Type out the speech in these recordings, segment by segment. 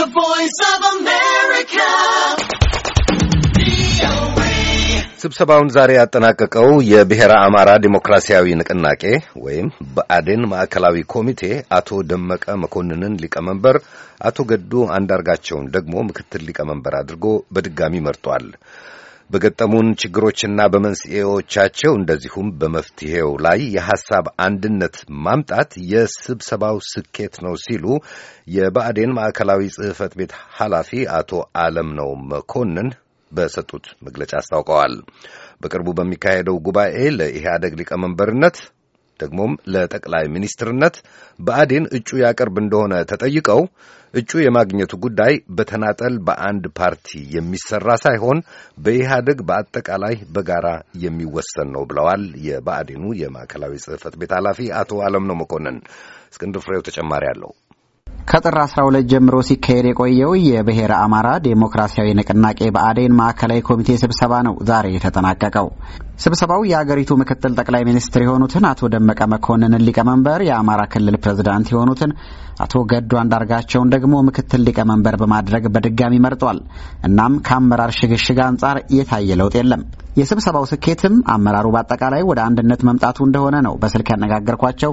The Voice of America. ስብሰባውን ዛሬ ያጠናቀቀው የብሔረ አማራ ዲሞክራሲያዊ ንቅናቄ ወይም በአዴን ማዕከላዊ ኮሚቴ አቶ ደመቀ መኮንንን ሊቀመንበር፣ አቶ ገዱ አንዳርጋቸውን ደግሞ ምክትል ሊቀመንበር አድርጎ በድጋሚ መርጧል። በገጠሙን ችግሮችና በመንስኤዎቻቸው እንደዚሁም በመፍትሔው ላይ የሐሳብ አንድነት ማምጣት የስብሰባው ስኬት ነው ሲሉ የብአዴን ማዕከላዊ ጽህፈት ቤት ኃላፊ አቶ አለም ነው መኮንን በሰጡት መግለጫ አስታውቀዋል። በቅርቡ በሚካሄደው ጉባኤ ለኢህአደግ ሊቀመንበርነት ደግሞም ለጠቅላይ ሚኒስትርነት በአዴን እጩ ያቀርብ እንደሆነ ተጠይቀው እጩ የማግኘቱ ጉዳይ በተናጠል በአንድ ፓርቲ የሚሰራ ሳይሆን በኢህአደግ በአጠቃላይ በጋራ የሚወሰን ነው ብለዋል። የብአዴኑ የማዕከላዊ ጽህፈት ቤት ኃላፊ አቶ አለምነው መኮንን። እስክንድር ፍሬው ተጨማሪ አለው። ከጥር 12 ጀምሮ ሲካሄድ የቆየው የብሔረ አማራ ዴሞክራሲያዊ ንቅናቄ በአዴን ማዕከላዊ ኮሚቴ ስብሰባ ነው ዛሬ የተጠናቀቀው። ስብሰባው የአገሪቱ ምክትል ጠቅላይ ሚኒስትር የሆኑትን አቶ ደመቀ መኮንንን ሊቀመንበር፣ የአማራ ክልል ፕሬዝዳንት የሆኑትን አቶ ገዱ አንዳርጋቸውን ደግሞ ምክትል ሊቀመንበር በማድረግ በድጋሚ መርጧል። እናም ከአመራር ሽግሽግ አንጻር የታየ ለውጥ የለም። የስብሰባው ስኬትም አመራሩ በአጠቃላይ ወደ አንድነት መምጣቱ እንደሆነ ነው በስልክ ያነጋገርኳቸው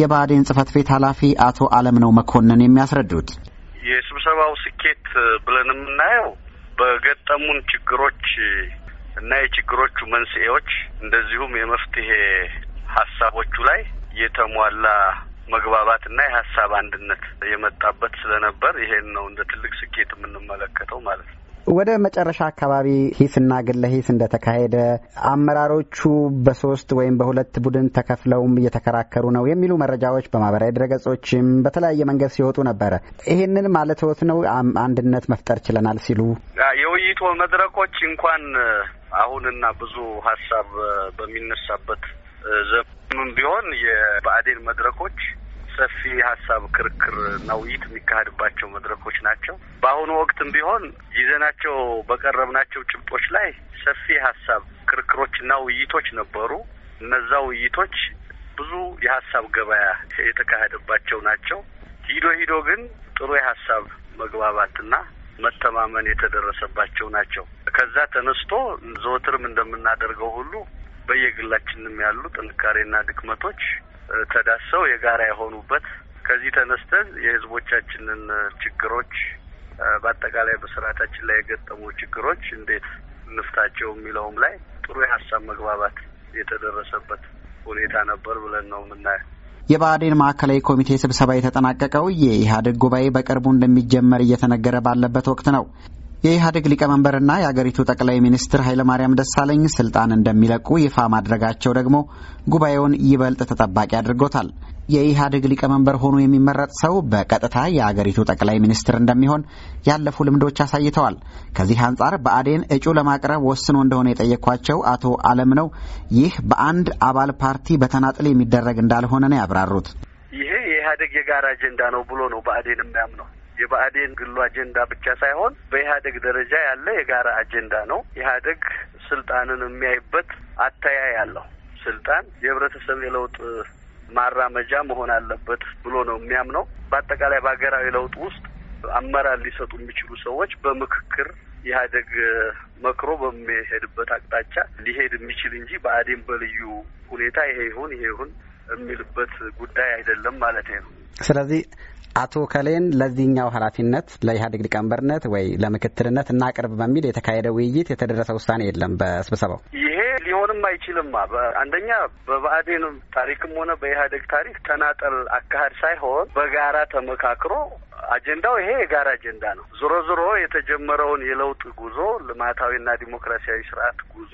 የባህዴን ጽህፈት ቤት ኃላፊ አቶ አለምነው መኮንን የሚያስረዱት። የስብሰባው ስኬት ብለን የምናየው በገጠሙን ችግሮች እና የችግሮቹ መንስኤዎች እንደዚሁም የመፍትሄ ሀሳቦቹ ላይ የተሟላ መግባባትና የሀሳብ አንድነት የመጣበት ስለነበር ይሄን ነው እንደ ትልቅ ስኬት የምንመለከተው ማለት ነው። ወደ መጨረሻ አካባቢ ሂስና ግለ ሂስ እንደተካሄደ አመራሮቹ በሶስት ወይም በሁለት ቡድን ተከፍለውም እየተከራከሩ ነው የሚሉ መረጃዎች በማህበራዊ ድረገጾችም በተለያየ መንገድ ሲወጡ ነበረ። ይህንን ማለት ነው አንድነት መፍጠር ችለናል ሲሉ የውይይቱ መድረኮች እንኳን አሁንና ብዙ ሀሳብ በሚነሳበት ዘመኑም ቢሆን የብአዴን መድረኮች ሰፊ ሀሳብ ክርክር ውይይት የሚካሄድባቸው መድረኮች ናቸው። በአሁኑ ወቅትም ቢሆን ይዘናቸው በቀረብናቸው ጭብጦች ላይ ሰፊ ሀሳብ ክርክሮችና ውይይቶች ነበሩ። እነዛ ውይይቶች ብዙ የሀሳብ ገበያ የተካሄደባቸው ናቸው። ሂዶ ሂዶ ግን ጥሩ የሀሳብ መግባባትና መተማመን የተደረሰባቸው ናቸው። ከዛ ተነስቶ ዘወትርም እንደምናደርገው ሁሉ በየግላችንም ያሉ ጥንካሬና ድክመቶች ተዳሰው የጋራ የሆኑበት ከዚህ ተነስተን የህዝቦቻችንን ችግሮች በአጠቃላይ በስርዓታችን ላይ የገጠሙ ችግሮች እንዴት እንፍታቸው የሚለውም ላይ ጥሩ የሀሳብ መግባባት የተደረሰበት ሁኔታ ነበር ብለን ነው የምናየው። የብአዴን ማዕከላዊ ኮሚቴ ስብሰባ የተጠናቀቀው የኢህአዴግ ጉባኤ በቅርቡ እንደሚጀመር እየተነገረ ባለበት ወቅት ነው። የኢህአዴግ ሊቀመንበርና የአገሪቱ ጠቅላይ ሚኒስትር ኃይለማርያም ደሳለኝ ስልጣን እንደሚለቁ ይፋ ማድረጋቸው ደግሞ ጉባኤውን ይበልጥ ተጠባቂ አድርጎታል። የኢህአዴግ ሊቀመንበር ሆኖ የሚመረጥ ሰው በቀጥታ የአገሪቱ ጠቅላይ ሚኒስትር እንደሚሆን ያለፉ ልምዶች አሳይተዋል። ከዚህ አንጻር በአዴን እጩ ለማቅረብ ወስኖ እንደሆነ የጠየኳቸው አቶ አለም ነው ይህ በአንድ አባል ፓርቲ በተናጥል የሚደረግ እንዳልሆነ ነው ያብራሩት። ይሄ የኢህአዴግ የጋራ አጀንዳ ነው ብሎ ነው በአዴን የሚያምነው። የብአዴን ግሉ አጀንዳ ብቻ ሳይሆን በኢህአዴግ ደረጃ ያለ የጋራ አጀንዳ ነው። ኢህአዴግ ስልጣንን የሚያይበት አተያይ አለው። ስልጣን የህብረተሰብ የለውጥ ማራመጃ መሆን አለበት ብሎ ነው የሚያምነው። በአጠቃላይ በሀገራዊ ለውጥ ውስጥ አመራር ሊሰጡ የሚችሉ ሰዎች በምክክር ኢህአዴግ መክሮ በሚሄድበት አቅጣጫ ሊሄድ የሚችል እንጂ ብአዴን በልዩ ሁኔታ ይሄ ይሁን ይሄ ይሁን የሚልበት ጉዳይ አይደለም ማለት ነው። ስለዚህ አቶ ከሌን ለዚህኛው ኃላፊነት ለኢህአዴግ ሊቀመንበርነት ወይ ለምክትልነት እናቅርብ በሚል የተካሄደ ውይይት የተደረሰ ውሳኔ የለም። በስብሰባው ይሄ ሊሆንም አይችልም። አንደኛ በብአዴን ታሪክም ሆነ በኢህአዴግ ታሪክ ተናጠል አካሄድ ሳይሆን በጋራ ተመካክሮ አጀንዳው ይሄ የጋራ አጀንዳ ነው። ዞሮ ዞሮ የተጀመረውን የለውጥ ጉዞ ልማታዊና ዲሞክራሲያዊ ስርዓት ጉዞ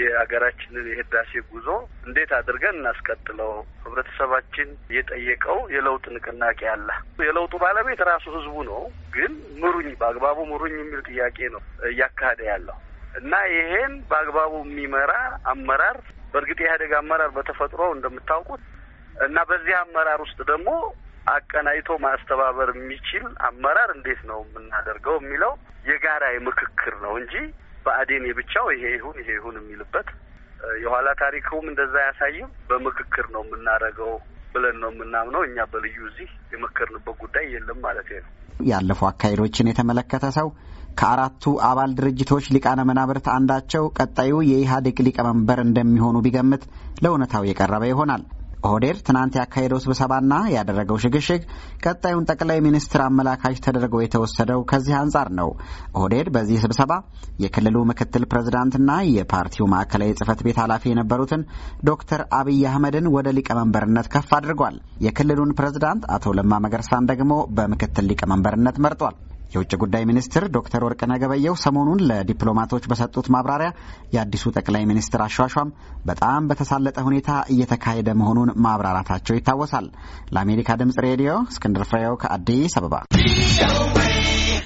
የሀገራችንን የህዳሴ ጉዞ እንዴት አድርገን እናስቀጥለው? ህብረተሰባችን የጠየቀው የለውጥ ንቅናቄ አለ። የለውጡ ባለቤት ራሱ ህዝቡ ነው። ግን ምሩኝ፣ በአግባቡ ምሩኝ የሚል ጥያቄ ነው እያካሄደ ያለው እና ይሄን በአግባቡ የሚመራ አመራር በእርግጥ የኢህአዴግ አመራር በተፈጥሮ እንደምታውቁት እና በዚህ አመራር ውስጥ ደግሞ አቀናይቶ ማስተባበር የሚችል አመራር እንዴት ነው የምናደርገው የሚለው የጋራ የምክክር ነው እንጂ በአዴን የብቻው ይሄ ይሁን ይሄ ይሁን የሚልበት የኋላ ታሪክውም እንደዛ አያሳይም። በምክክር ነው የምናደርገው ብለን ነው የምናምነው። እኛ በልዩ እዚህ የመከርንበት ጉዳይ የለም ማለት ነው። ያለፉ አካሄዶችን የተመለከተ ሰው ከአራቱ አባል ድርጅቶች ሊቃነ መናብርት አንዳቸው ቀጣዩ የኢህአዴግ ሊቀመንበር እንደሚሆኑ ቢገምት ለእውነታው የቀረበ ይሆናል። ኦህዴድ ትናንት ያካሄደው ስብሰባና ያደረገው ሽግሽግ ቀጣዩን ጠቅላይ ሚኒስትር አመላካች ተደርጎ የተወሰደው ከዚህ አንጻር ነው። ኦህዴድ በዚህ ስብሰባ የክልሉ ምክትል ፕሬዝዳንትና የፓርቲው ማዕከላዊ ጽህፈት ቤት ኃላፊ የነበሩትን ዶክተር አብይ አህመድን ወደ ሊቀመንበርነት ከፍ አድርጓል። የክልሉን ፕሬዝዳንት አቶ ለማ መገርሳን ደግሞ በምክትል ሊቀመንበርነት መርጧል። የውጭ ጉዳይ ሚኒስትር ዶክተር ወርቅነህ ገበየሁ ሰሞኑን ለዲፕሎማቶች በሰጡት ማብራሪያ የአዲሱ ጠቅላይ ሚኒስትር አሿሿም በጣም በተሳለጠ ሁኔታ እየተካሄደ መሆኑን ማብራራታቸው ይታወሳል። ለአሜሪካ ድምጽ ሬዲዮ እስክንድር ፍሬው ከአዲስ አበባ